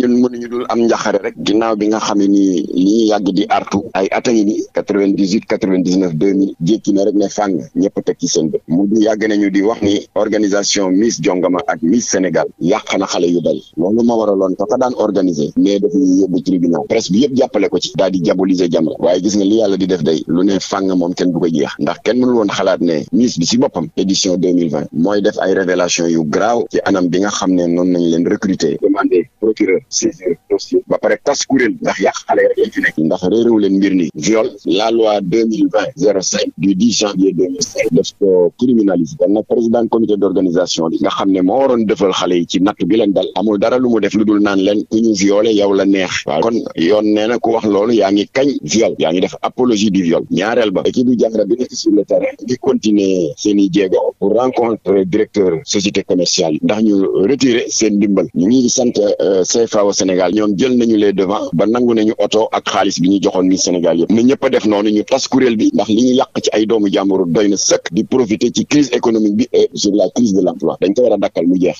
ñun mënuñu dul am njaxare rek ginnaaw bi nga xam ne nii ñu yàgg di artu ay at a ngi nii quatre vingt dix huit quatre vingt dix neuf deux mille jékki na rek ne fàng ñëpp teg ci seen bët mu yàgg nañu di wax ni organisation Miss Jongama ak Miss Sénégal yàq na xale yu bari loolu ma waraloon ka daan organiser mais dafa ñuy yóbbu tribunal presse bi yëpp jàppale ko ci daal di jaboliser Jamra waaye gis nga li yàlla di def day lu ne fàng moom kenn du ko jeex ndax kenn mënul woon xalaat ne Miss si boppam édition deux mooy def ay révélation yu graaw ci anam bi nga xam ne noonu nañ leen recruter demander procureur saisir aussi ba pare tas kuréel ndax yàq xale rek ndax réeréew leen mbir ni viol la loi deux mille vingt zéro cinq du dix janvier deux mille cinq def ko criminaliser dan nag président comité d' organisation bi nga xam ne moo waroon defal xale yi ci natt bi leen dal amul dara lu mu def lu dul naan leen ku ñu violé yow la neex waaw kon yoon nee na ku wax loolu yaa ngi kañ viol yaa ngi def apologie du viol ñaareel ba équipe du jàngra bi nekk sur le terrain di continuer seen i jéego pour rencontrer directeur société commerciale ndax ñu retirer seen ndimbal ñu ngi sant euh, CFAO Sénégal ñoo jël nañu lee devants ba nangu nañu oto ak xaalis bi ñu joxoon ni Sénégal yëpp na ñëpp a def noonu ñu tas kuréel bi ndax li ñu yàq ci ay doomu jàmbur doy na sëkk di profiter ci crise économique bi et sur la crise de l'emploi dañ ko war a dakkal mu jeex